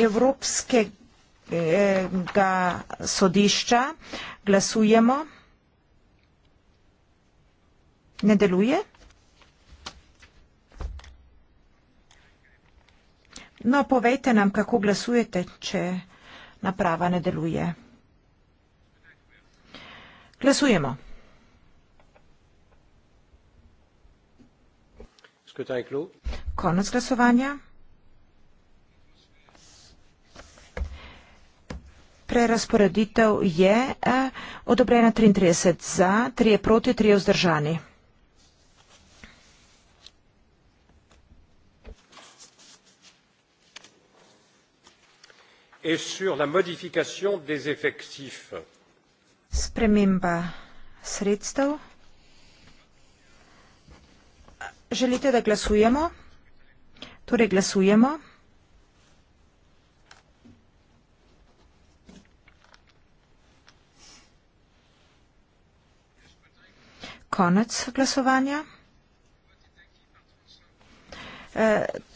Evropskega sodišča. Glasujemo. Ne deluje? No, povejte nam, kako glasujete, če naprava ne deluje. Glasujemo. Konec glasovanja. prerasporeditev je eh, odobrena 33 za, 3 je proti, 3 je vzdržani. Et sur la modification des effectifs. Sprememba sredstev. Želite, da glasujemo? Torej glasujemo. konec glasovanja.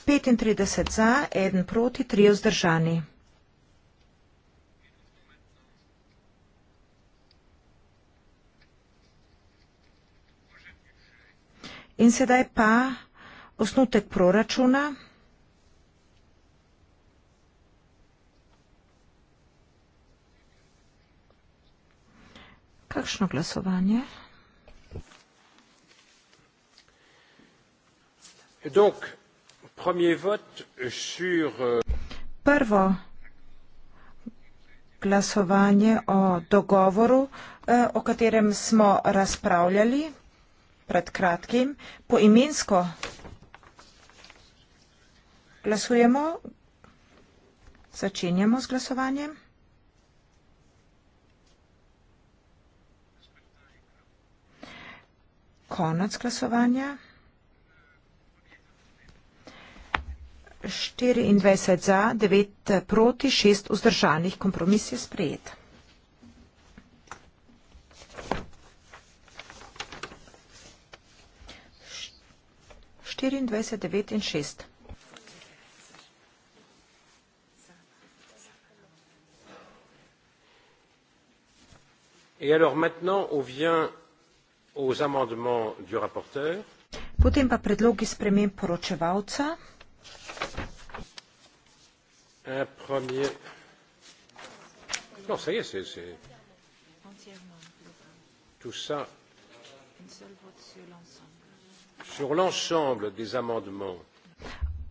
35 e, za, 1 proti, 3 vzdržani. In sedaj pa osnutek proračuna. Kakšno glasovanje? Euh, prvo glasovanje o dogovoru, eh, o katerem smo razpravljali pred kratkim. Poimensko glasujemo. Začenjamo z glasovanjem. Konec glasovanja. 24 za, 9 eh, proti, 6 vzdržanih. Kompromis je sprejet. Štiriindvajset, devet in šest. Et alors maintenant on vient aux amendements du rapporteur. Potem pa predlogi sprememb poročevalca un premier. Non, ça y est, c'est. c'est... Tout ça. Sur l'ensemble des amendements.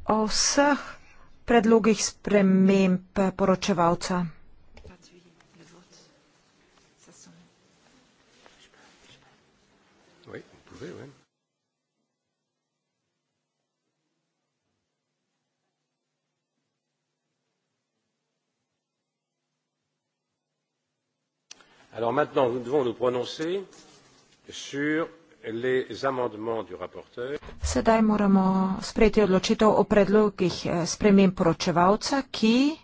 O vseh predlogih sprememb poročevalca. Oui, pouvez, oui. maintenant nous devons nous prononcer sur les amendements du rapporteur. Sedaj moramo sprejeti odločitev o predlogih eh, sprememb poročevalca, ki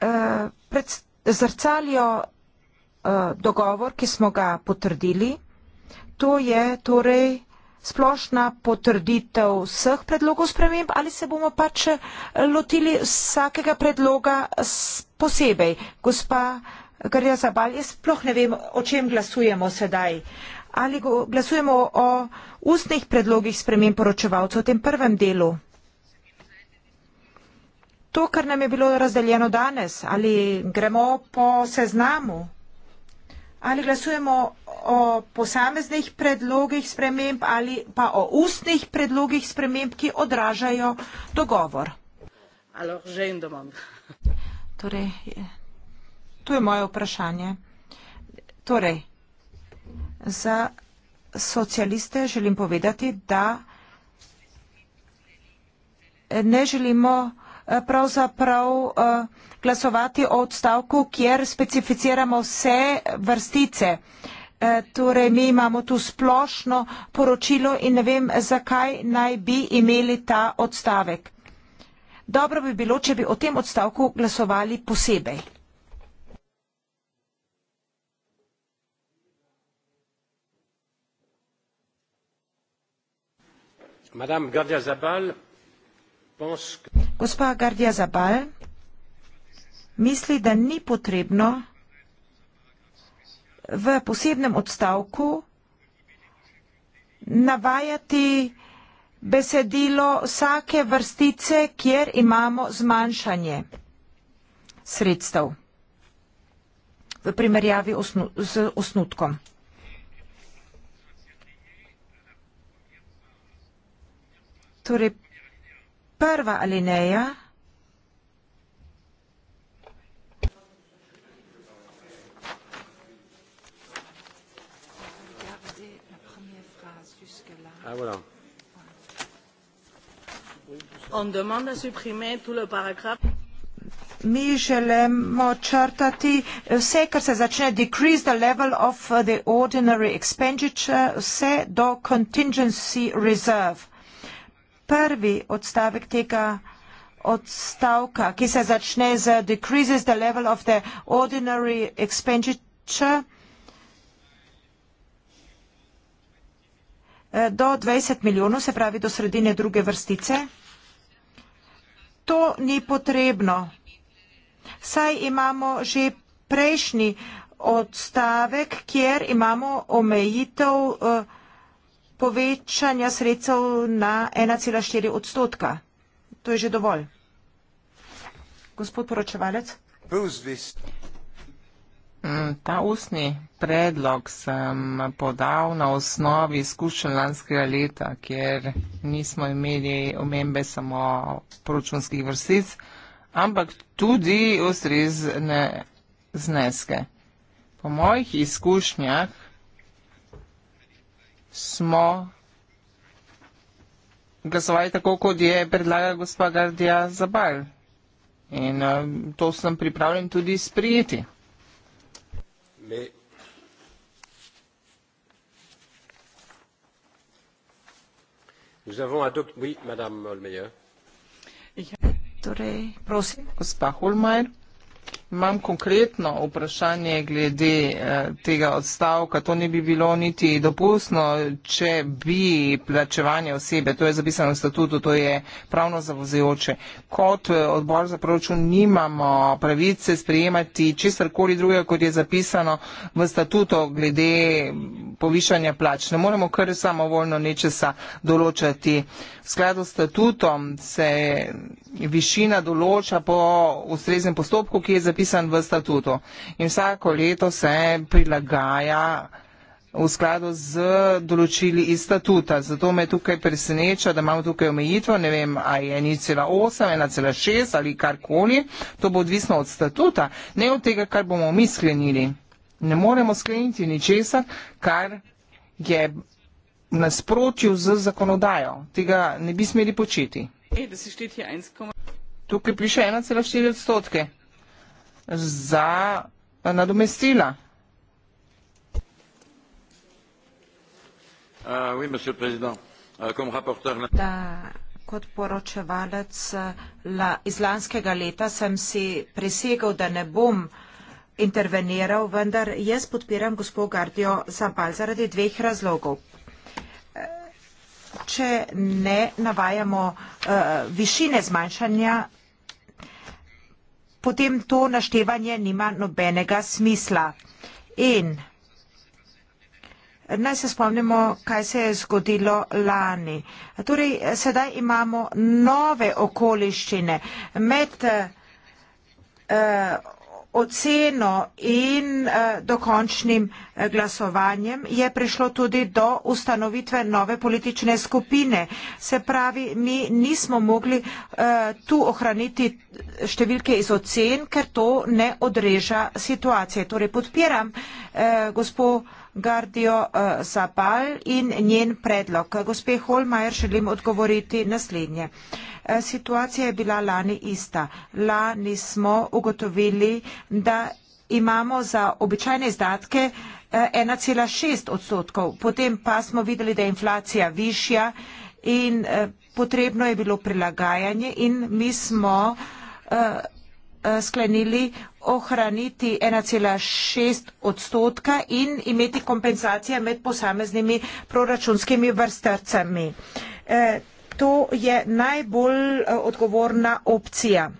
eh, zrcalijo eh, dogovor, ki smo ga potrdili. To je torej splošna potrditev vseh predlogov sprememb ali se bomo pač eh, lotili vsakega predloga posebej. Gospa Garja Zabal, jaz sploh ne vem, o čem glasujemo sedaj. Ali go, glasujemo o ustnih predlogih sprememb poročevalcev v tem prvem delu? To, kar nam je bilo razdeljeno danes, ali gremo po seznamu? ali glasujemo o posameznih predlogih sprememb ali pa o ustnih predlogih sprememb, ki odražajo dogovor. Torej, to je moje vprašanje. Torej, za socialiste želim povedati, da ne želimo eh, pravzaprav uh, glasovati o odstavku, kjer specificiramo vse vrstice. E, torej, mi imamo tu splošno poročilo in ne vem, zakaj naj bi imeli ta odstavek. Dobro bi bilo, če bi o tem odstavku glasovali posebej. Gospa Gardja Zabal, misli, da ni potrebno v posebnem odstavku navajati besedilo vsake vrstice, kjer imamo zmanjšanje sredstev v primerjavi osnu, z osnutkom. Torej, prva alineja voilà. On demande à supprimer tout le paragraphe. Mi želemo črtati vse, kar se začne decrease the level of uh, the ordinary expenditure, vse do contingency reserve. Prvi odstavek tega odstavka, ki se začne z decreases the level of the ordinary expenditure, do 20 milijonov, se pravi do sredine druge vrstice. To ni potrebno. Saj imamo že prejšnji odstavek, kjer imamo omejitev eh, povečanja sredstev na 1,4 odstotka. To je že dovolj. Gospod poročevalec. Mm, ta ustni predlog sem podal na osnovi izkušenj lanskega leta, kjer nismo imeli omembe samo proračunskih vrstic, ampak tudi ustrezne zneske. Po mojih izkušnjah smo glasovali tako, kot je predlaga gospa Gardija Zabal. In eh, to sem pripravljen tudi sprijeti mais nous avons adopté oui madame hohlmeier je ja, torej, voudrais prosit gospa hohlmeier Imam konkretno vprašanje glede eh, tega odstavka. To ne bi bilo niti dopustno, če bi plačevanje osebe, to je zapisano v statutu, to je pravno zavozejoče. Kot eh, odbor za proračun nimamo pravice sprejemati čistarkoli druge, kot je zapisano v statutu glede povišanja plač. Ne moremo kar samovoljno nečesa določati. V skladu s statutom se višina določa po ustreznem postopku, ki je zapisano zapisan v statutu. In vsako leto se prilagaja v skladu z določili iz statuta. Zato me tukaj preseneča, da imamo tukaj omejitvo, ne vem, ali je 1,8, 1,6 ali karkoli. To bo odvisno od statuta, ne od tega, kar bomo mi sklenili. Ne moremo skleniti ničesar, kar je nasprotju z zakonodajo. Tega ne bi smeli početi. Tukaj piše 1,4 odstotke za nadomestila. Ah, ah, da, kot poročevalec eh, iz lanskega leta sem si presegal, da ne bom interveniral, vendar jaz podpiram gospod Gardio Zabal zaradi dveh razlogov. Eh, če ne navajamo uh, višine zmanjšanja potem to naštevanje nima nobenega smisla. In naj se spomnimo, kaj se je zgodilo lani. Torej, sedaj imamo nove okoliščine med uh, oceno in uh, dokončnim uh, glasovanjem je prišlo tudi do ustanovitve nove politične skupine. Se pravi, mi nismo mogli uh, tu ohraniti številke iz ocen, ker to ne odreža situacije. Torej podpiram uh, gospod Gardijo uh, Zabal in njen predlog. Gospe Holmajer želim odgovoriti naslednje. Uh, Eh, situacija je bila lani ista. Lani smo ugotovili, da imamo za običajne izdatke 1,6 eh, odstotkov, potem pa smo videli, da je inflacija višja in eh, potrebno je bilo prilagajanje in mi smo sklenili ohraniti 1,6 odstotka in imeti kompenzacije med posameznimi proračunskimi vrstrcami to je najbolj eh, odgovorna opcija.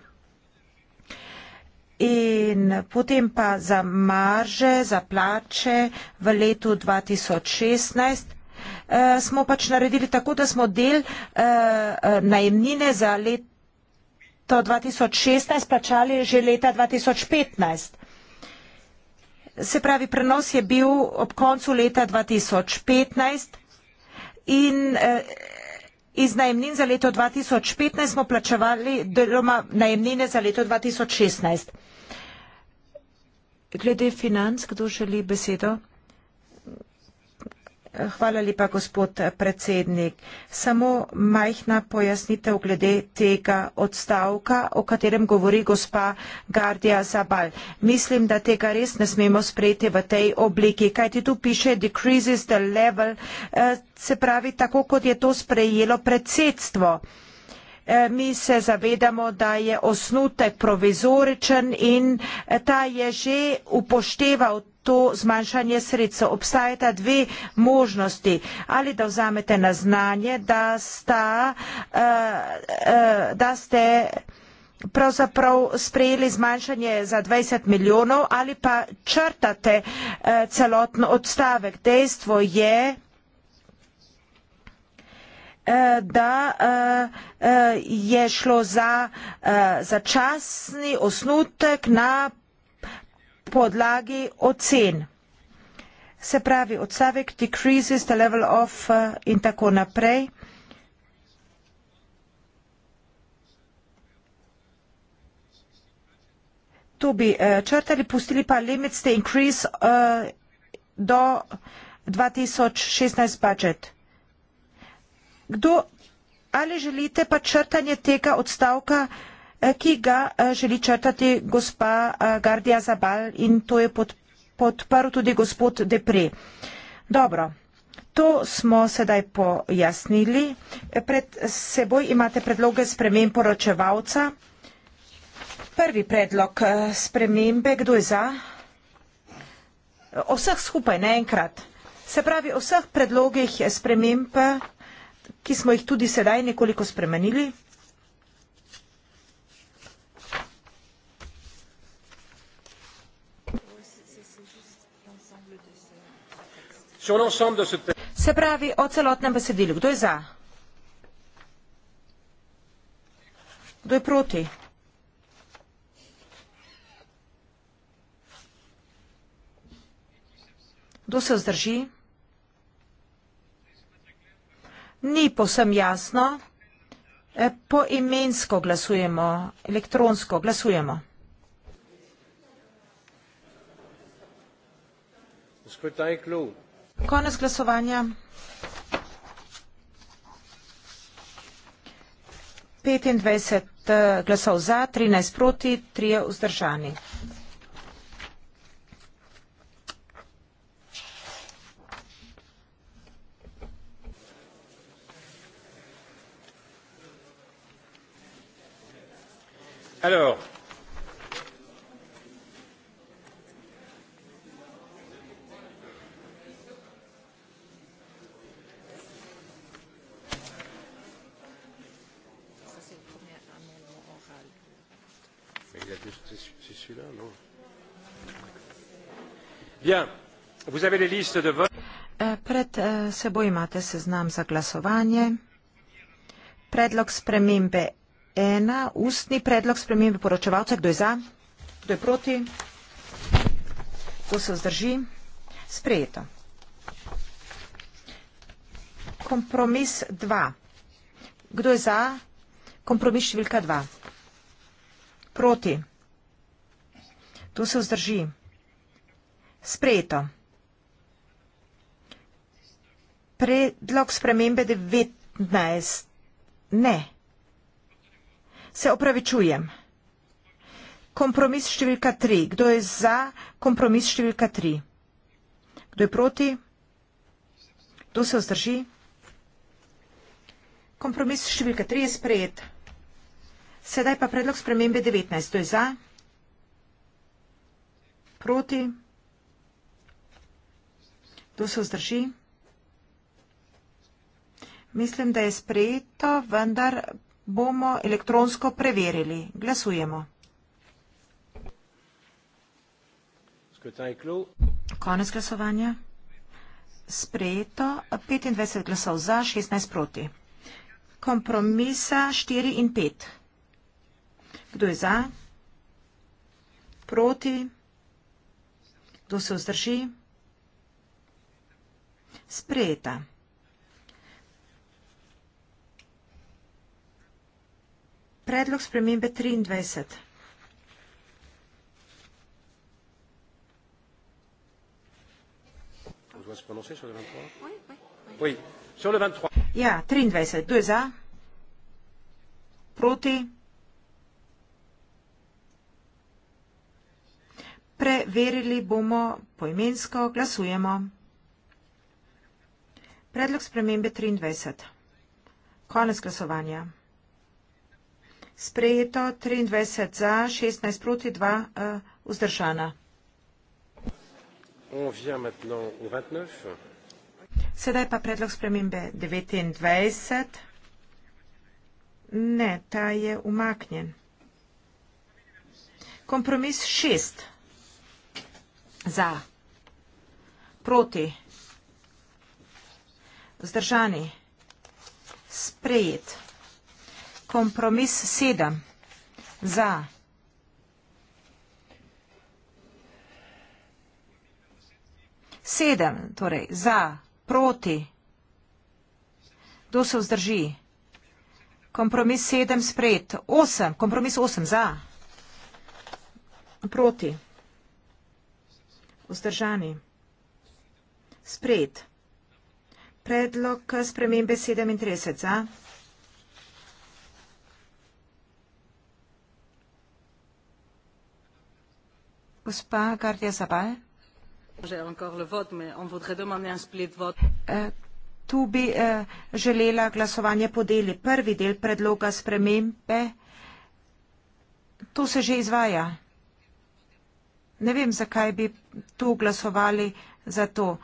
In potem pa za marže, za plače v letu 2016 eh, smo pač naredili tako, da smo del eh, eh najemnine za leto 2016 plačali že leta 2015. Se pravi, prenos je bil ob koncu leta 2015 in eh, Iz najemnin za leto 2015 smo plačevali deloma najemnine za leto 2016. Glede financ, kdo želi besedo? Hvala lepa, gospod predsednik. Samo majhna pojasnitev glede tega odstavka, o katerem govori gospa Gardija Zabal. Mislim, da tega res ne smemo sprejeti v tej obliki, kajti tu piše decreases the level, eh, se pravi tako, kot je to sprejelo predsedstvo. Eh, mi se zavedamo, da je osnutek provizoričen in eh, ta je že upošteval to zmanjšanje sredstev. Obstajata dve možnosti. Ali da vzamete na znanje, da, sta, uh, uh, da ste pravzaprav sprejeli zmanjšanje za 20 milijonov ali pa črtate uh, celoten odstavek. Dejstvo je, da je šlo za, za časni osnutek na podlagi ocen. Se pravi, odstavek decreases the level of uh, in tako naprej. Tu bi uh, črtali, pustili pa limits the increase uh, do 2016 budget. Kdo, ali želite pa črtanje tega odstavka? Eh, ki ga eh, želi črtati gospa eh, Gardija Zabal in to je podprl tudi gospod Depre. Dobro. To smo sedaj pojasnili. Pred seboj imate predloge spremem poročevalca. Prvi predlog spremembe, kdo je za? Vseh skupaj, naenkrat. Se pravi, vseh predlogih sprememb, ki smo jih tudi sedaj nekoliko spremenili. sur l'ensemble de ce texte. Se pravi o celotnem besedilju. Kdo je za? Kdo je proti? Kdo se vzdrži? Ni povsem jasno. E, poimensko glasujemo, elektronsko glasujemo. Skrtaj klub. Konec glasovanja. Petindvajset eh, glasov za, trinajst proti, trije vzdržani. Ja, eh, pred eh, seboj imate seznam za glasovanje. Predlog spremembe ena, ustni predlog spremembe poročevalca, kdo je za, kdo je proti, kdo se vzdrži, sprejeto. Kompromis dva, kdo je za, kompromis številka dva, proti, kdo se vzdrži, sprejeto. Sprejeto. Predlog spremembe devetnajst. Ne. Se opravičujem. Kompromis številka tri. Kdo je za kompromis številka tri? Kdo je proti? Kdo se vzdrži? Kompromis številka tri je sprejet. Sedaj pa predlog spremembe devetnajst. Kdo je za? Proti? Kdo se vzdrži? Mislim, da je sprejeto, vendar bomo elektronsko preverili. Glasujemo. Konec glasovanja. Sprejeto, 25 glasov za, 16 proti. Kompromisa 4 in 5. Kdo je za? Proti? Kdo se vzdrži? Kdo se vzdrži? sprejeta. Predlog spremembe 23. Ja, 23. Kdo je za? Proti? Preverili bomo poimensko. Glasujemo. Glasujemo. Predlog spremembe 23. Konec glasovanja. Sprejeto 23 za, 16 proti 2 uh, eh, vzdržana. Sedaj pa predlog spremembe 29. Ne, ta je umaknjen. Kompromis 6 za, proti Vzdržani. Sprejet. Kompromis sedem. Za. Sedem, torej za, proti. Kdo se vzdrži? Kompromis sedem sprejet. Osem, kompromis osem za. Proti. Vzdržani. Sprejet. Predlog spremembe 37 za. Gospa Gardija Zabaj. Eh, tu bi eh, želela glasovanje podeli. Prvi del predloga spremembe, to se že izvaja. Ne vem, zakaj bi tu glasovali za to.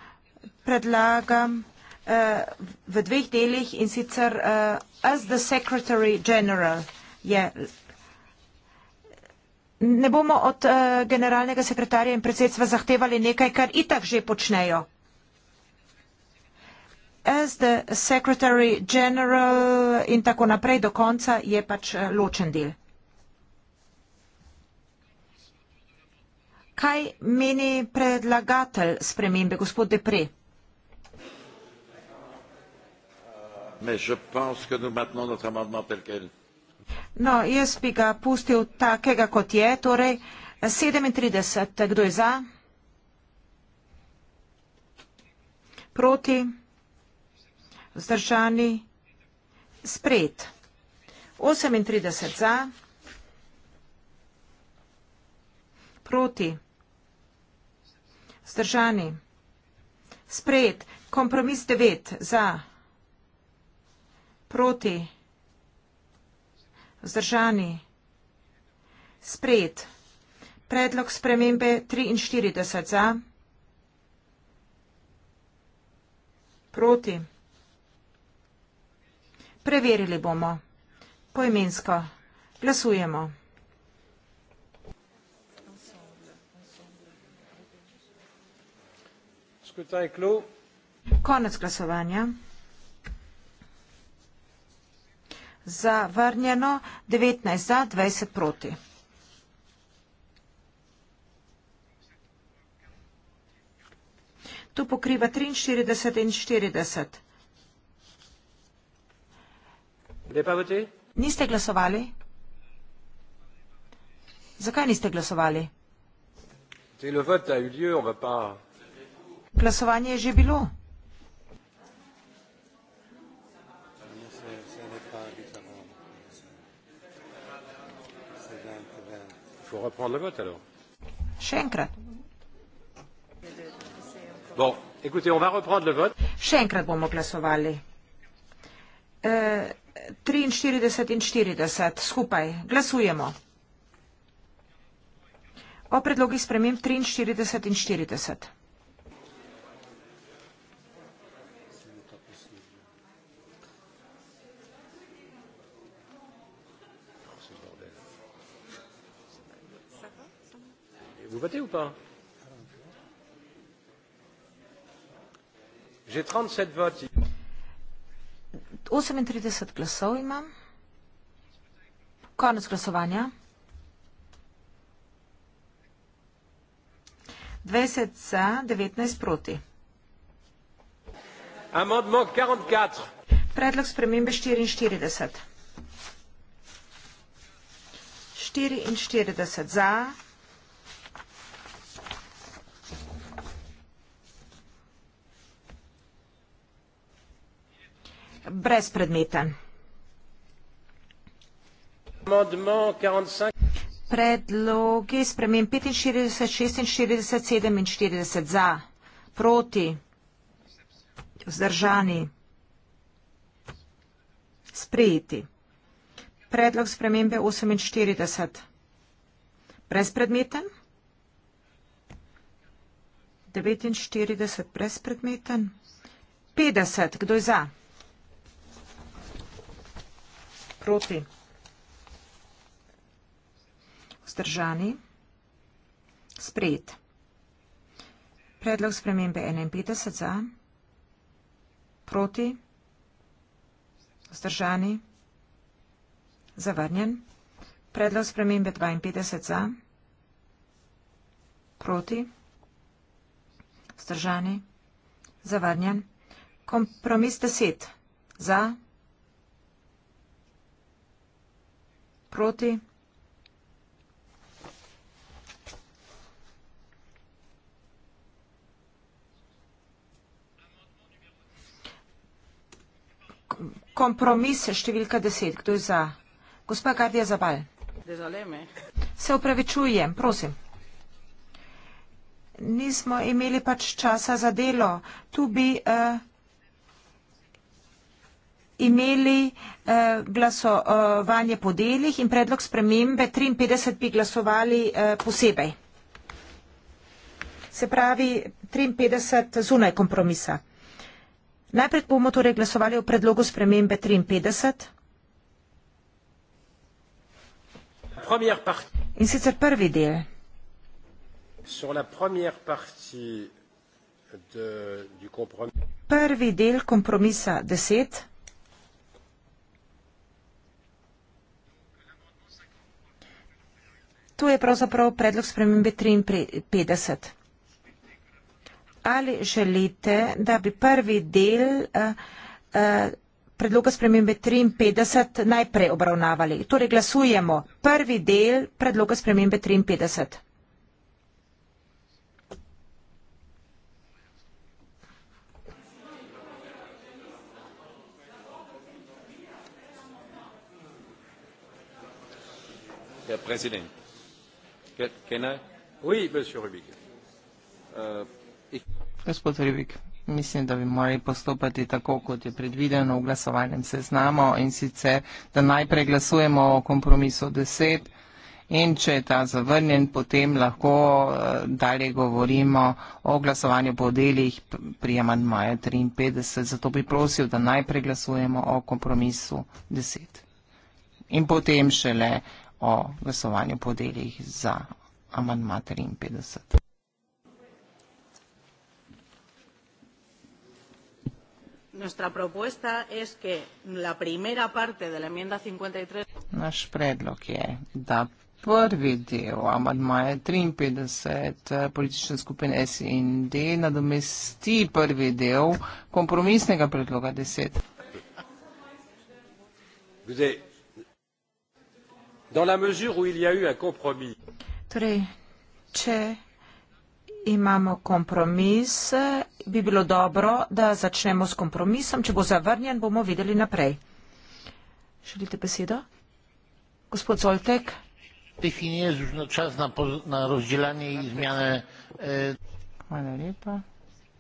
Predlagam v dveh delih in sicer uh, as the secretary general je. Ne bomo od uh, generalnega sekretarja in predsedstva zahtevali nekaj, kar itak že počnejo. As the secretary general in tako naprej do konca je pač uh, ločen del. Kaj meni predlagatelj spremembe, gospod Depre? No, jaz bi ga pustil takega, kot je, torej 37. Kdo je za? Proti? Vzdržani? Spred? 38 za? Proti? Vzdržani? Spred? Kompromis 9 za? proti, vzdržani, sprejet. Predlog spremembe 43 za, proti. Preverili bomo. Poimensko. Glasujemo. Konec glasovanja. zavrnjeno, 19 za, 20 proti. Tu pokriva 43 in 40. Niste glasovali? Zakaj niste glasovali? Glasovanje je že bilo. faut reprendre le vote alors. Schenkrat. Bon, écoutez, on va reprendre le vote. Schenkrat bomo glasovali. Euh 43 40 skupaj glasujemo. O predlogih sprememb 43 in 40. Že 37 votov imam. 38 glasov imam. Konec glasovanja. 20 za, 19 proti. Amendment 44. Predlog spremembe 44. 44 za, brezpredmeten. Predlogi spremem 45, 46, 47 za, proti, vzdržani, sprejeti. Predlog spremembe 48, brezpredmeten. 49, brezpredmeten. 50, kdo je za? proti. Vzdržani. Sprejet. Predlog spremembe 51 za. Proti. Vzdržani. Zavrnjen. Predlog spremembe 52 za. Proti. Vzdržani. Zavrnjen. Kompromis 10 za. Proti. Proti? Kompromis številka deset. Kdo je za? Gospa Gardija Zabal. Se upravičujem, prosim. Nismo imeli pač časa za delo. Tu bi... Uh, imeli eh, glasovanje po delih in predlog spremembe 53 bi glasovali eh, posebej. Se pravi 53 zunaj kompromisa. Najprej bomo torej glasovali o predlogu spremembe 53. In sicer prvi del. Prvi del kompromisa 10. tu je pravzaprav predlog spremembe 53. Ali želite, da bi prvi del eh, eh, predloga spremembe 53 najprej obravnavali? Torej glasujemo prvi del predloga spremembe 53. Herr Präsident! Euh, Gospod Ribik, mislim, da bi morali postopati tako, kot je predvideno v glasovanjem seznamo in sicer, da najprej glasujemo o kompromisu 10 in če je ta zavrnjen, potem lahko eh, dalje govorimo o glasovanju po delih prijemanj maja 53. Zato bi prosil, da najprej glasujemo o kompromisu 10 in potem šele glasujemo o glasovanju po delih za amandma 53. Naš predlog je, da prvi del amadmaja 53 eh, politične skupine SND nadomesti prvi del kompromisnega predloga 10. Zdaj, dans la mesure où il y a eu un compromis. Torej, če imamo kompromis, bi bilo dobro, da začnemo s kompromisom. Če bo zavrnjen, bomo videli naprej. Želite besedo? Gospod Zoltek. Definije čas na, na razdeljanje in izmjene. Eh. Hvala lepa.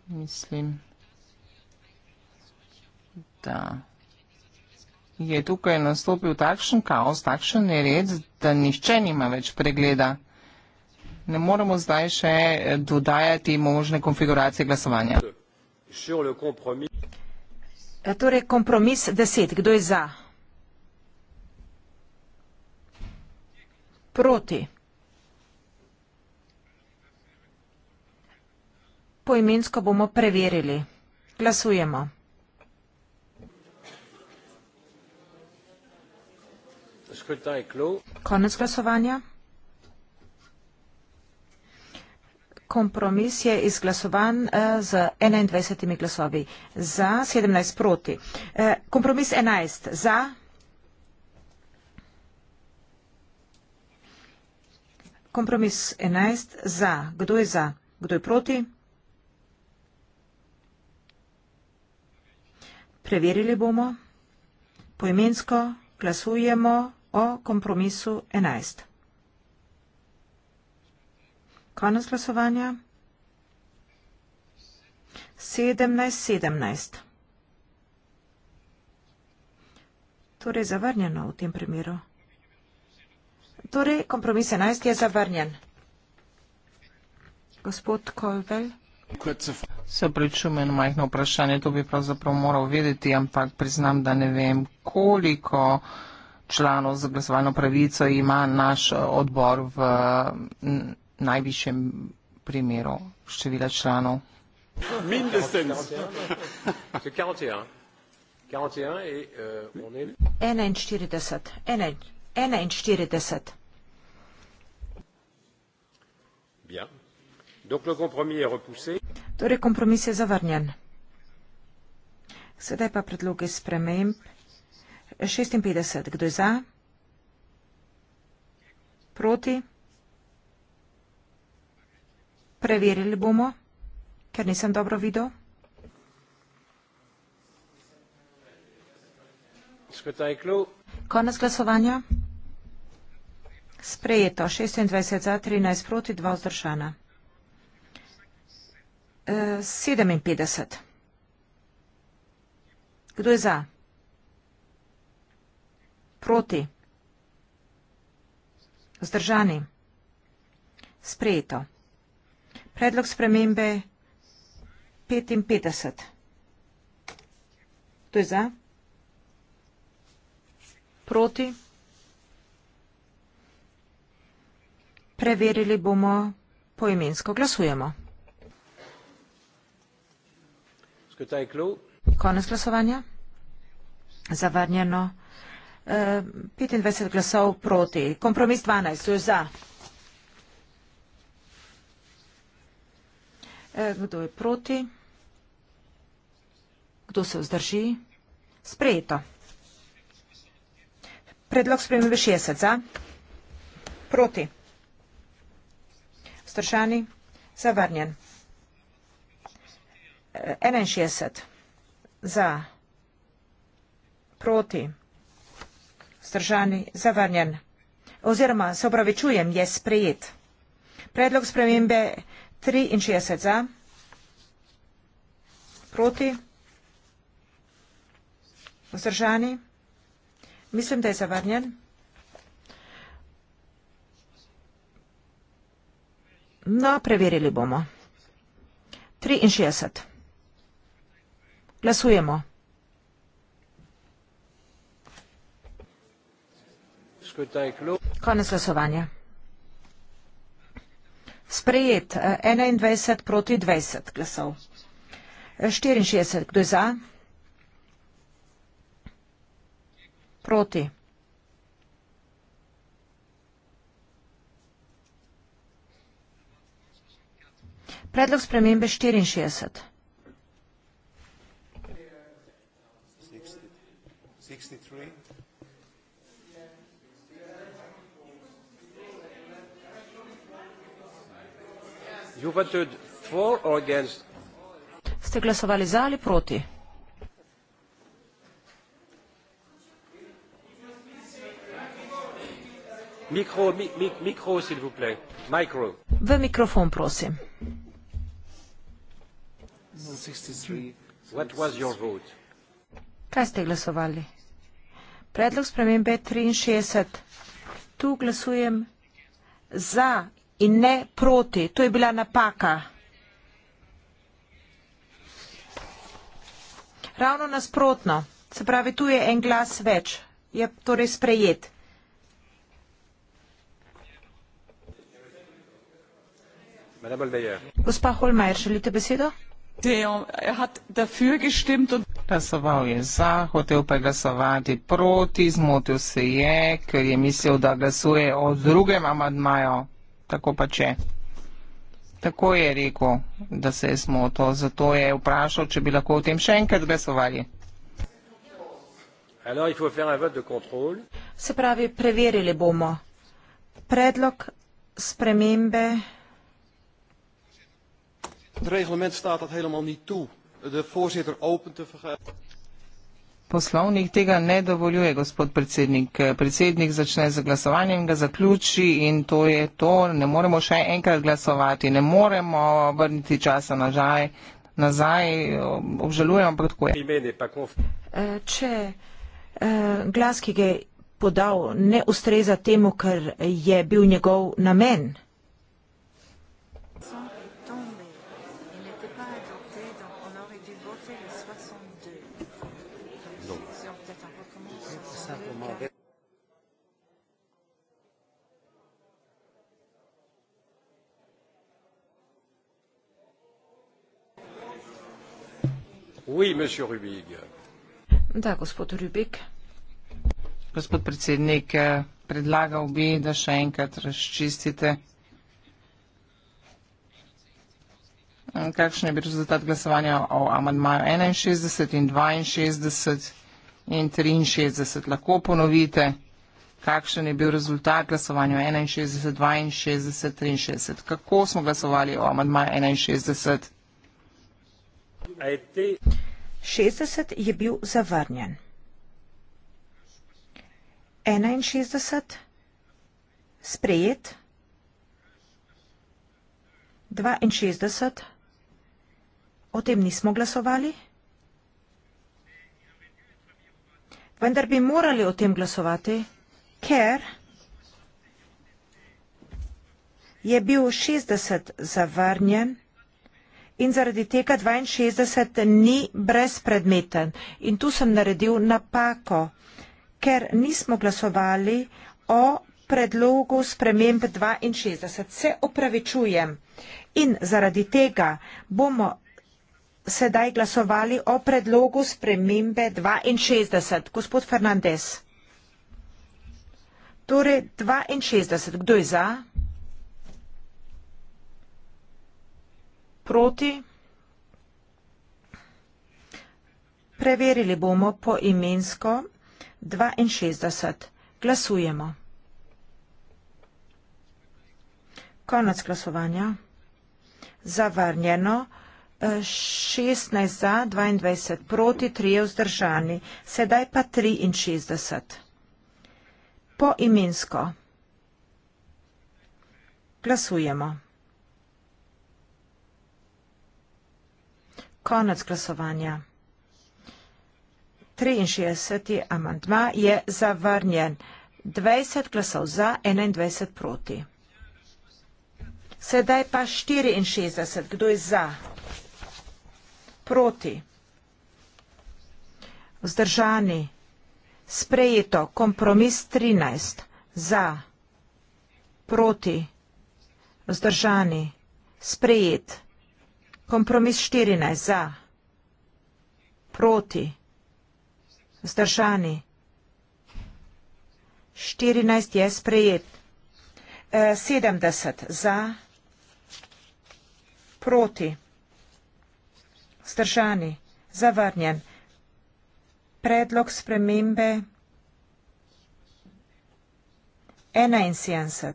Mislim, da je tukaj nastopil takšen kaos, takšen nered, da nišče nima več pregleda. Ne moremo zdaj še eh, dodajati možne konfiguracije glasovanja. Eh, torej, kompromis deset. Kdo je za? Proti. Poimensko bomo preverili. Glasujemo. Konec glasovanja. Kompromis je izglasovan eh, z 21 glasovi. Za 17 proti. Eh, kompromis 11. Za. Kompromis 11. Za. Kdo je za? Kdo je proti? Preverili bomo. Poimensko glasujemo o kompromisu 11. Konec glasovanja. 17.17. Torej zavrnjeno v tem primeru. Torej kompromis 11 je zavrnjen. Gospod Kolvel. Se pričujem eno majhno vprašanje, to bi pravzaprav moral vedeti, ampak priznam, da ne vem, koliko članov z glasovalno pravico ima naš eh, odbor v najvišjem primeru števila članov. Mindestens. 41. 41. Euh, Bien. Donc le compromis est repoussé. Torej kompromis je zavrnjen. Sedaj pa predloge sprememb 56. Kdo je za? Proti? Preverili bomo, ker nisem dobro videl. Konec glasovanja. Sprejeto. 26 za, 13 proti, 2 vzdržana. E, eh, 57. Kdo je za? proti, vzdržani, sprejeto. Predlog spremembe 55. To je za, proti, preverili bomo poimensko, glasujemo. Konec glasovanja. Zavrnjeno 25 glasov proti. Kompromis 12, to je za. E, kdo je proti? Kdo se vzdrži? Sprejeto. Predlog spremljive 60, za. Proti. Vzdržani, zavrnjen. 61, e, za. Proti vzdržani, zavrnjen oziroma se opravičujem, je sprejet. Predlog spremembe 63 za, proti, vzdržani, mislim, da je zavrnjen. No, preverili bomo. 63. Glasujemo. Konec glasovanja. Sprejet 21 eh, proti 20 glasov. 64, kdo je za? Proti. Predlog spremembe 64. Ste glasovali za ali proti? Mikro, mi, mikro, s'il vous plaît. Mikro. V mikrofon, prosim. Kaj ste glasovali? Predlog spremembe 63. Tu glasujem za in ne proti. To je bila napaka. Ravno nasprotno, se pravi, tu je en glas več, je torej sprejet. Gospa Holmajer, želite besedo? Er Glasoval je za, hotel pa je glasovati proti, zmotil se je, ker je mislil, da glasuje o drugem amadmaju tako pa če. Tako je rekel, da se je smotil, zato je vprašal, če bi lahko o tem še enkrat glasovali. Se pravi, preverili bomo predlog spremembe. Reglement staat dat helemaal niet toe. De voorzitter opent de vergadering poslovnik tega ne dovoljuje, gospod predsednik. Predsednik začne z glasovanjem, ga zaključi in to je to. Ne moremo še enkrat glasovati, ne moremo vrniti časa nažaj, nazaj. Obžalujem, ampak tako je. Če eh, glas, ki ga je podal, ne ustreza temu, kar je bil njegov namen. Da, gospod Rubik. Gospod predsednik, eh, predlagal bi, da še enkrat razčistite, eh, kakšen je bil rezultat glasovanja o amandmaju 61 in 62 in 63. Lahko ponovite, kakšen je bil rezultat glasovanja o 61, 62, 63. Kako smo glasovali o amandmaju 61? 60 je bil zavrnjen. 61 sprejet. 62 o tem nismo glasovali. Vendar bi morali o tem glasovati, ker je bil 60 zavrnjen in zaradi tega 62 ni brezpredmeten. In tu sem naredil napako, ker nismo glasovali o predlogu sprememb 62. Se opravičujem. In zaradi tega bomo sedaj glasovali o predlogu spremembe 62. Gospod Fernandez. Torej 62. Kdo je za? proti. Preverili bomo po imensko 62. Glasujemo. Konec glasovanja. Zavarnjeno. 16 e, za, 22 proti, 3 je vzdržani. Sedaj pa 63. Po imensko. Glasujemo. Konec glasovanja. 63. amantma je zavrnjen. 20 glasov za, 21 proti. Sedaj pa 64. Kdo je za? Proti. Vzdržani. Sprejeto. Kompromis 13. Za. Proti. Vzdržani. Sprejeto kompromis 14 za, proti, zdržani. 14 je sprejet. 70 e, za, proti, zdržani, zavrnjen. Predlog spremembe 71.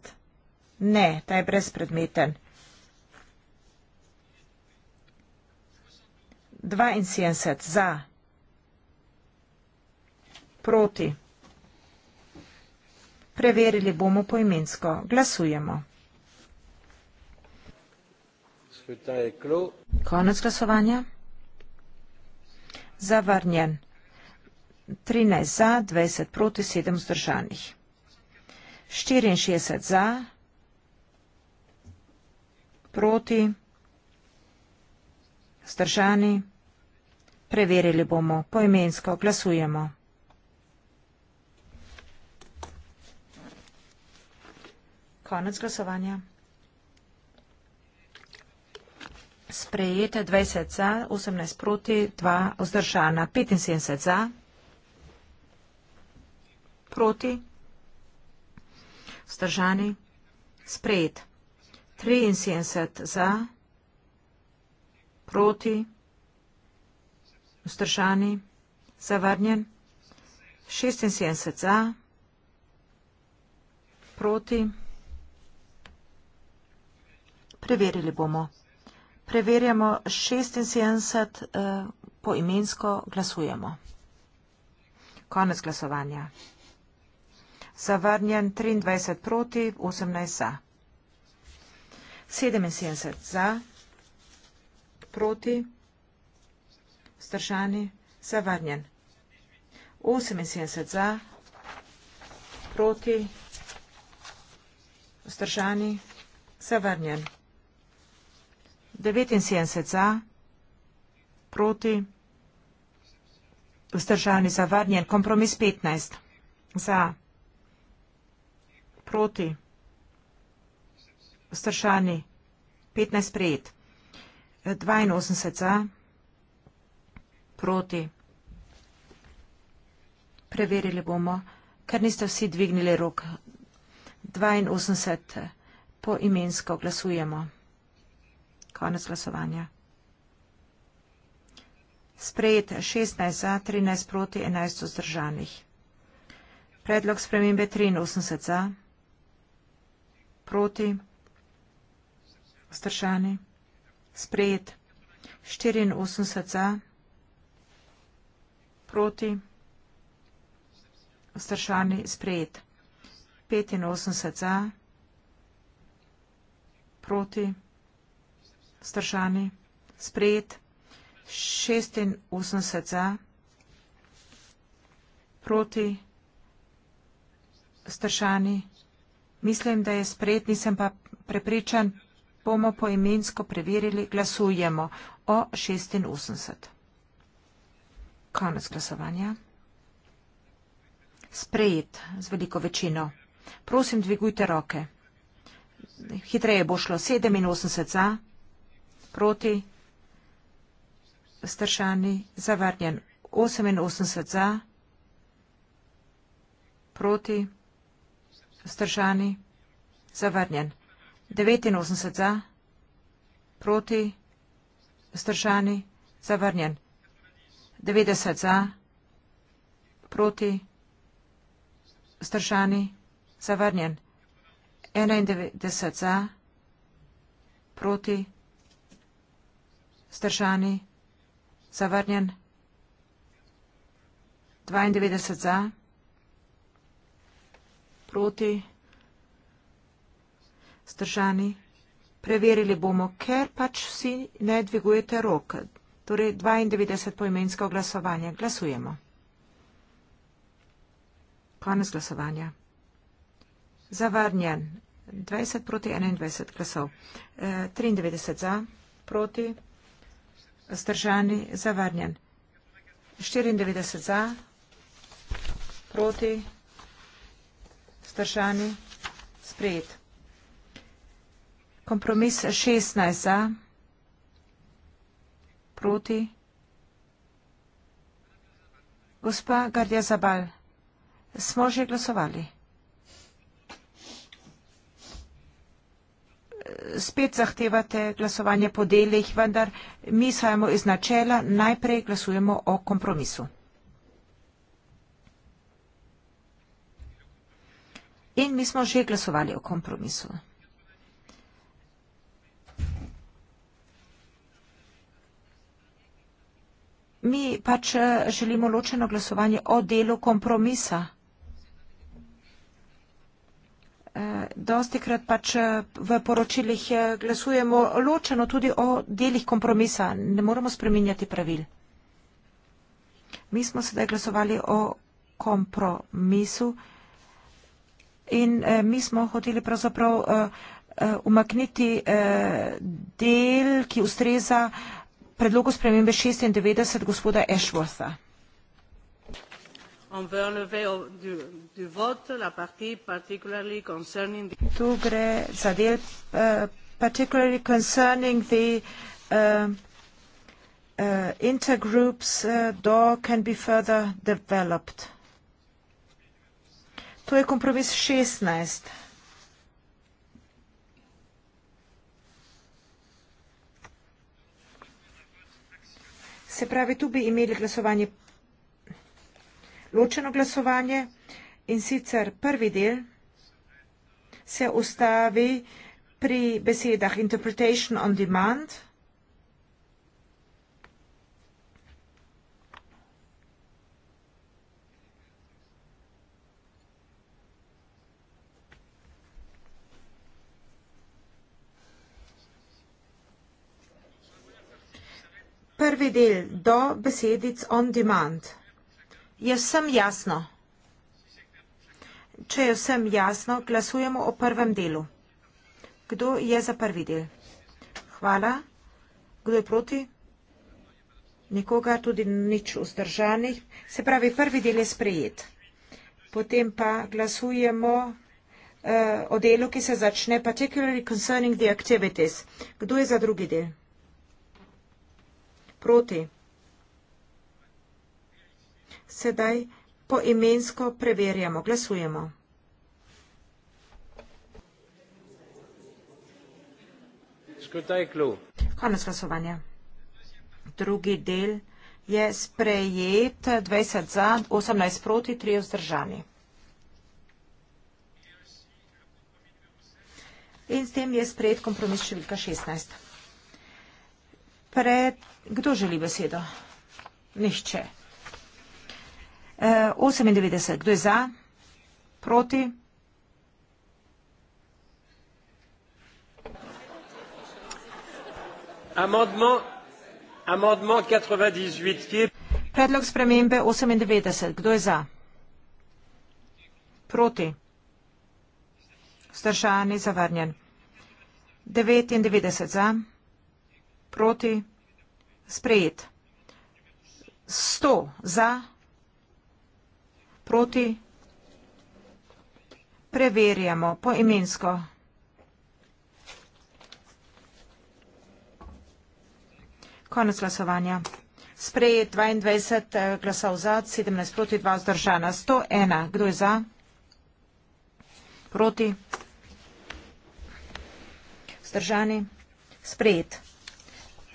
Ne, ta je brezpredmeten. 72 za, proti. Preverili bomo poimensko. Glasujemo. Konec glasovanja. Zavrnjen. 13 za, 20 proti, 7 zdržanih. 64 za, proti, zdržani. Preverili bomo. Poimensko glasujemo. Konec glasovanja. Sprejete 20 za, 18 proti, 2 vzdržana, 75 za, proti, vzdržani, sprejet. 73 za, proti, vzdržani vzdržani, zavrnjen, 76 za, proti. Preverili bomo. Preverjamo 76, eh, poimensko glasujemo. Konec glasovanja. Zavrnjen 23 proti, 18 za. 77 za, proti vzdržani, zavrnjen. 78 za, proti, vzdržani, zavrnjen. 79 za, proti, vzdržani, zavrnjen. Kompromis 15 za, proti, vzdržani, 15 prijet. 82 za, proti, vzdržani, zavrnjen proti. Preverili bomo, ker niste vsi dvignili rok. 82. Po imensko glasujemo. Konec glasovanja. Sprejet 16 za, 13 proti, 11 vzdržanih. Predlog spremembe 83 za, proti, vzdržani. Sprejet 84 za, 13 proti proti, vzdržani sprejet. 85 za, proti, vzdržani sprejet. 86 za, proti, vzdržani. Mislim, da je sprejet, nisem pa prepričan, bomo poimensko preverili, glasujemo o 86. Konec glasovanja. Sprejet z veliko večino. Prosim, dvigujte roke. Hitreje bo šlo 87 za, proti, stršani, zavrnjen 88 za, proti, stršani, zavrnjen 89 za, proti, stršani, zavrnjen 90 za, proti, zdržani, zavrnjen. 91 za, proti, zdržani, zavrnjen. 92 za, proti, zdržani. Preverili bomo, ker pač vsi ne dvigujete roke torej 92 poimensko glasovanje. Glasujemo. Konec glasovanja. Zavarnjen. 20 proti 21 glasov. E, 93 za, proti, zdržani, zavarnjen. 94 za, proti, zdržani, sprejet. Kompromis 16 za nasproti. Gospa Gardja Zabal, smo že glasovali. Spet zahtevate glasovanje po delih, vendar mi sajamo iz načela, najprej glasujemo o kompromisu. In mi smo že glasovali o kompromisu. mi pač eh, želimo ločeno glasovanje o delu kompromisa. Eh, Dosti krat pač eh, v poročilih glasujemo ločeno tudi o delih kompromisa. Ne moramo spreminjati pravil. Mi smo sedaj glasovali o kompromisu in mi smo hoteli pravzaprav umakniti del, ki ustreza predlogu spremembe 96 gospoda Ashworta. Tu gre za del eh, particularly concerning the eh, eh, intergroups door can be further developed. To je kompromis 16. 16. Se pravi, tu bi imeli glasovanje, ločeno glasovanje in sicer prvi del se ustavi pri besedah interpretation on demand, prvi del do besedic on demand. Je vsem jasno? Če je vsem jasno, glasujemo o prvem delu. Kdo je za prvi del? Hvala. Kdo je proti? Nikoga, tudi nič vzdržanih. Se pravi, prvi del je sprejet. Potem pa glasujemo uh, o delu, ki se začne particularly concerning the activities. Kdo je za drugi del? proti. Sedaj poimensko preverjamo, glasujemo. Konec glasovanja. Drugi del je sprejet 20 za, 18 proti, 3 vzdržani. In s tem je sprejet kompromis številka 16 pred... Kdo želi besedo? Nihče. 98. E, kdo je za? Proti? Predlog spremembe 98. Kdo je za? Proti? Zdržani, zavrnjen. 99 za proti sprejet. 100 za proti preverjamo po imensko. Konec glasovanja. Sprejet 22 eh, glasov za, 17 proti 2 zdržana. 101. Kdo je za? Proti? Zdržani? Sprejet.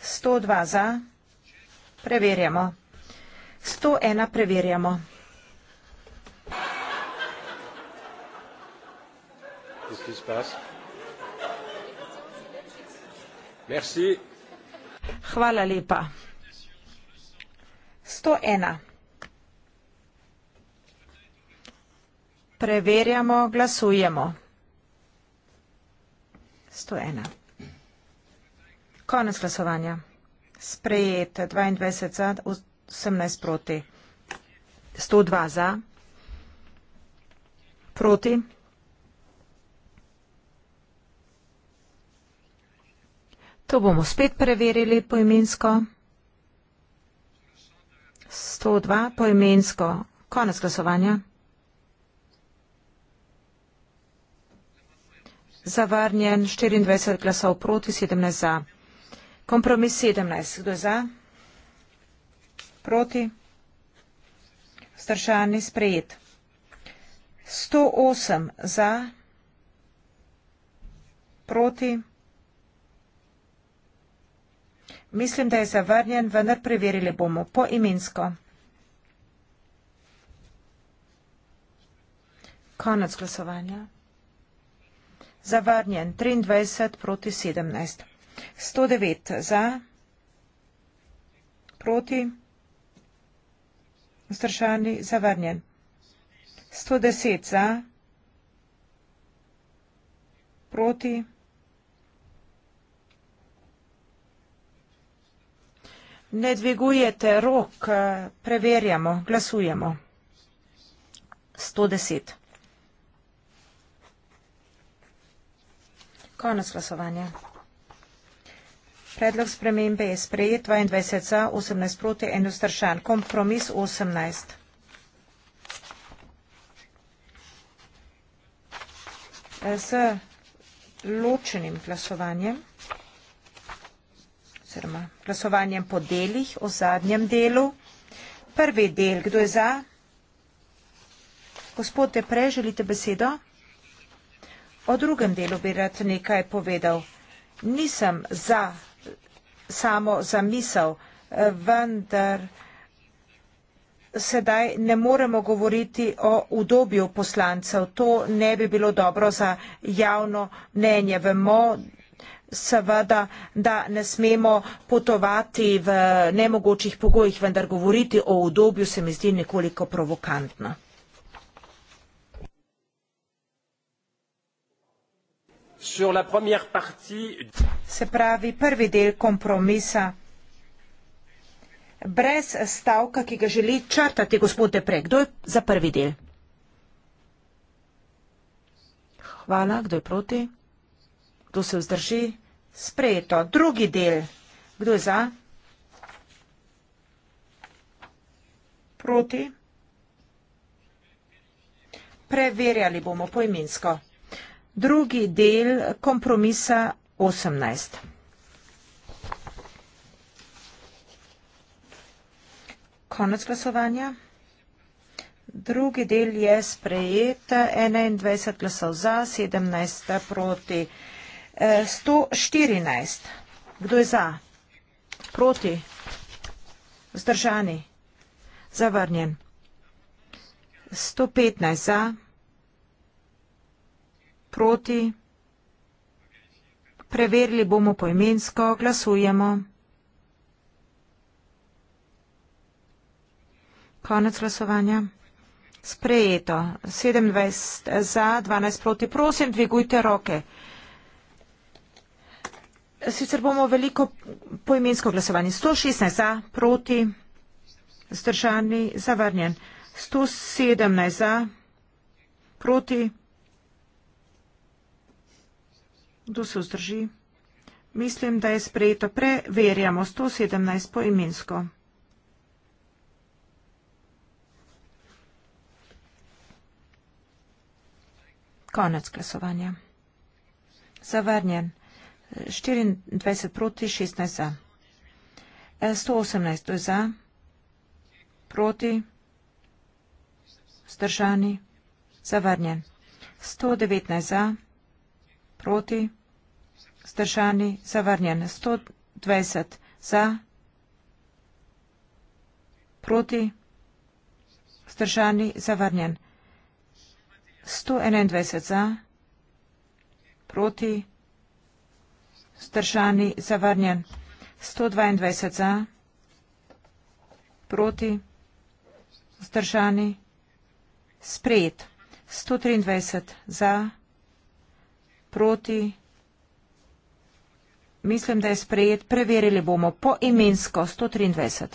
102 za. Preverjamo. 101 preverjamo. Hvala lepa. 101. Preverjamo, glasujemo. 101. Konec glasovanja. Sprejet 22 za, 18 proti. 102 za. Proti. To bomo spet preverili poimensko. 102 poimensko. Konec glasovanja. Zavrnjen 24 glasov proti 17 za. Kompromis 17. Kdo je za? Proti? Stršani sprejet. 108 za, proti. Mislim, da je zavrnjen, vendar preverili bomo po imensko. Konec glasovanja. Zavrnjen 23 proti 17. 109 za, proti, vzdržani, zavrnjen. 110 za, proti, ne dvigujete rok, preverjamo, glasujemo. 110. Konec glasovanja. Predlog spremembe je sprejet 22 za, 18 proti, en ustršan. Kompromis 18. S ločenim glasovanjem, oziroma glasovanjem po delih v zadnjem delu. Prvi del, kdo je za? Gospod Depre, želite besedo? O drugem delu bi rad nekaj povedal. Nisem za samo zamisel, vendar sedaj ne moremo govoriti o udobju poslancev. To ne bi bilo dobro za javno mnenje. Vemo seveda, da ne smemo potovati v nemogočih pogojih, vendar govoriti o udobju se mi zdi nekoliko provokantno. sur la première partie. Se pravi, prvi del kompromisa. Brez stavka, ki ga želi črtati gospod Deprek. Kdo je za prvi del? Hvala. Kdo je proti? Kdo se vzdrži? Sprejeto. Drugi del. Kdo je za? Proti? Preverjali bomo poiminsko. Drugi del kompromisa 18. Konec glasovanja. Drugi del je sprejet, 21 glasov za, 17 proti. 114. E, Kdo je za? Proti? Zdržani? Zavrnjen? 115 za proti. Preverili bomo poimensko, glasujemo. Konec glasovanja. Sprejeto. 27 za, 12 proti. Prosim, dvigujte roke. Sicer bomo veliko poimensko glasovanje. 116 za, proti. Zdržani, zavrnjen. 117 za, proti. Kdo se vzdrži? Mislim, da je sprejeto. Preverjamo 117 po imensko. Konec glasovanja. Zavrnjen. 24 proti, 16 za. 118 za. Proti. Zdržani. Zavrnjen. 119 za. Proti. Stršani zavrnjen 120 za, proti, stršani zavrnjen 121 za, proti, stršani zavrnjen 122 za, proti, stršani sprejet 123 za, proti, stršani zavrnjen 123 za, proti, Mislim, da je sprejet. Preverili bomo po imensko 123.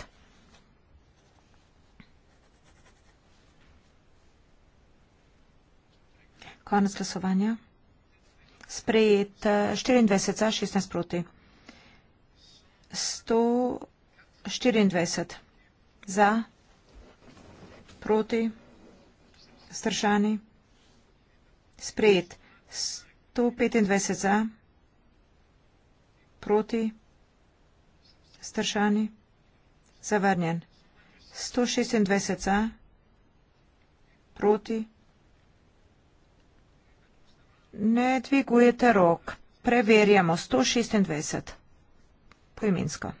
Konec glasovanja. Sprejet 24 eh, za 16 proti. 124 za proti. Stršani. Sprejet 125 za proti, stršani, zavrnjen. 126 za, proti. Ne dvigujete rok, preverjamo 126, poimensko.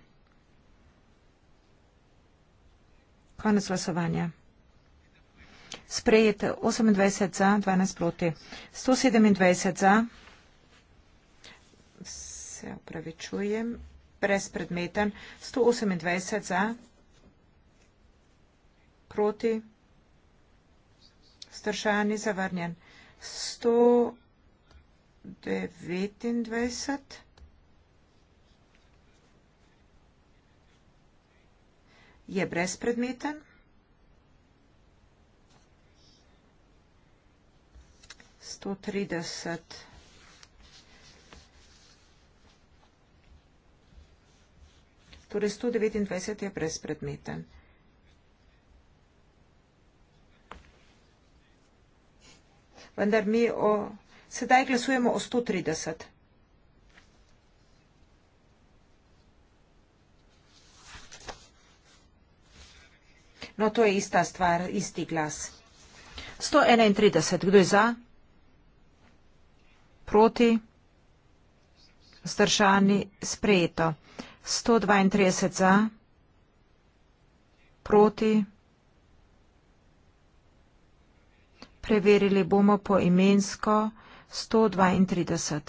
Konec glasovanja. Sprejete 28 za, 12 proti. 127 za se opravičujem, brezpredmeten, 128 za, proti, stršani, zavrnjen, 129, je brezpredmeten, Sto trideset torej 129 je brezpredmeten. Vendar mi o, sedaj glasujemo o 130. No, to je ista stvar, isti glas. 131, kdo je za? Proti? Zdržani? Sprejeto. 132 za, proti. Preverili bomo po imensko 132.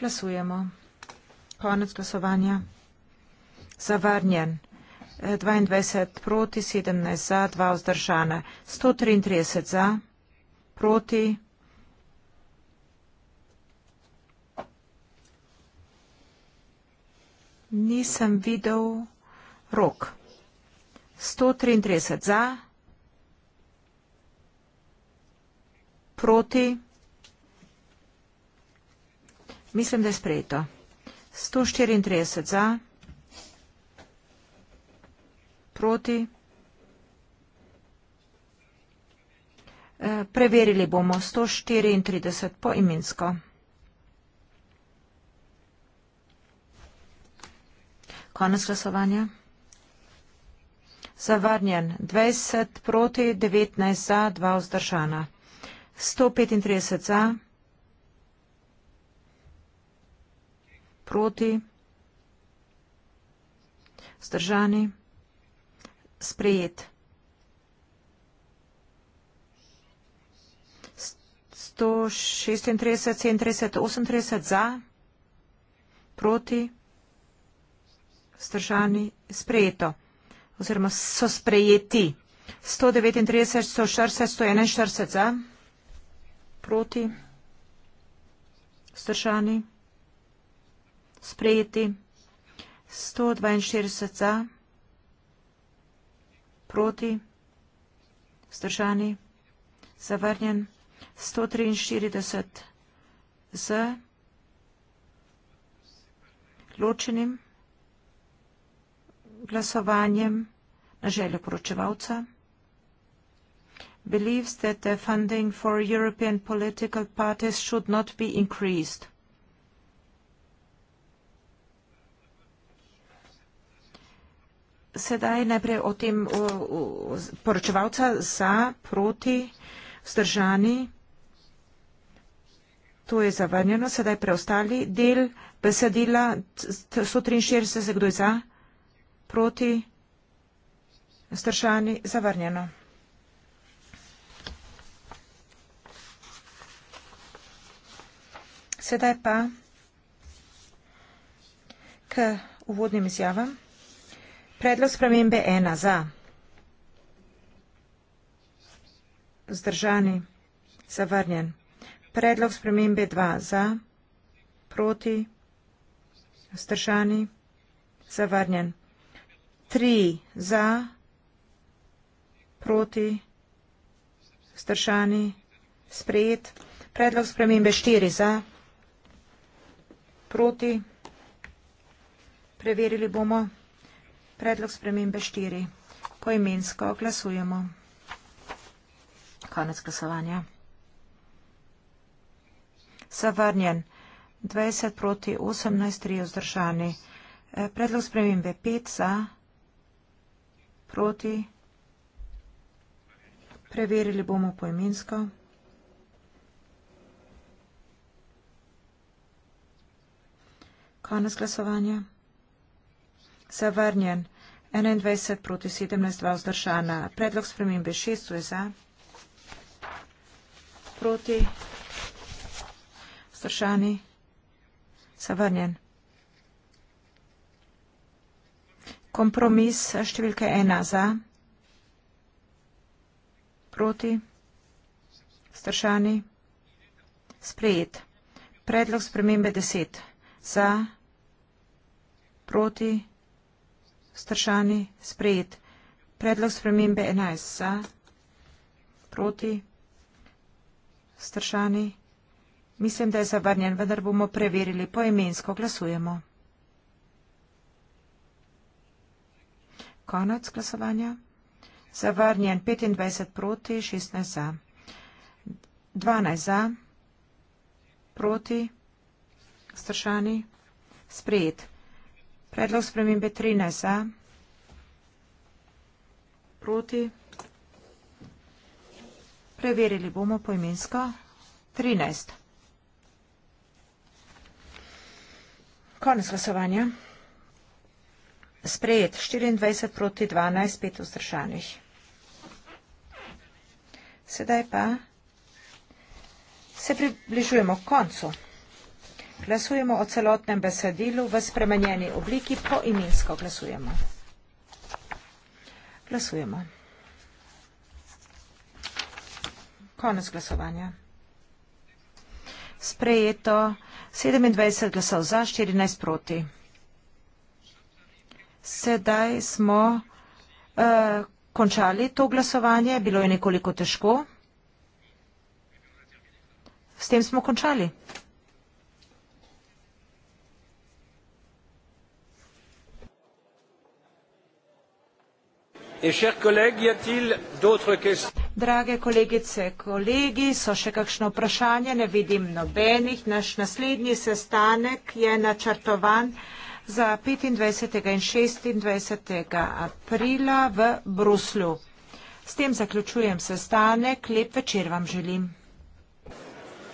Glasujemo. Konec glasovanja. Zavrnjen. 22 proti, 17 za, 2 vzdržana. 133 za, proti. nisem videl rok. 133 za, proti, mislim, da je sprejeto. 134 za, proti. Eh, preverili bomo 134 po imensko. Konec glasovanja. Zavrnjen 20 proti 19 za 2 vzdržana. 135 za proti vzdržani. Sprejet. 136, 37, 38 za, proti vzdržani sprejeto oziroma so sprejeti. 139, 140, 141 za, proti, vzdržani, sprejeti, 142 za, proti, vzdržani, zavrnjen, 143 z, ločenim glasovanjem na željo poročevalca. Believes that the funding for European political parties should not be increased. Sedaj najprej o tem o, o, poročevalca za, proti, vzdržani. To je zavrnjeno. Sedaj preostali del besedila 143, kdo je za? proti stršani zavrnjeno. Sedaj pa k uvodnim izjavam. Predlog spremembe ena za zdržani zavrnjen. Predlog spremembe dva za proti zdržani zavrnjen tri za, proti, stršani, sprejet. Predlog spremembe štiri za, proti, preverili bomo. Predlog spremembe štiri, poimensko glasujemo. Konec glasovanja. Zavrnjen, 20 proti 18, 3 vzdržani. Eh, predlog spremembe 5 za proti. Preverili bomo poimensko. Konec glasovanja. Zavrnjen. 21 proti 17, 2 vzdržana. Predlog spremembe 6 je za. Proti. Vzdržani. Zavrnjen. Kompromis številka ena za. Proti. Stršani. Sprejet. Predlog spremembe deset. Za. Proti. Stršani. Sprejet. Predlog spremembe enajst. Za. Proti. Stršani. Mislim, da je zavrnjen, vendar bomo preverili poimensko. Glasujemo. konec glasovanja. Zavrnjen 25 proti, 16 za. 12 za, proti, stršani, sprejet. Predlog spremembe 13 za, proti. Preverili bomo poimensko 13. Konec glasovanja. Sprejet 24 proti 12, 5 vzdržanih. Sedaj pa se približujemo k koncu. Glasujemo o celotnem besedilu v spremenjeni obliki, poimensko glasujemo. Glasujemo. Konec glasovanja. Sprejeto 27 glasov za, 14 proti. Sedaj smo uh, končali to glasovanje, bilo je nekoliko težko. S tem smo končali. Drage kolegice, kolegi, so še kakšno vprašanje? Ne vidim nobenih. Naš naslednji sestanek je načrtovan za 25. in 26. aprila v Bruslju. S tem zaključujem sestanek. Lep večer vam želim.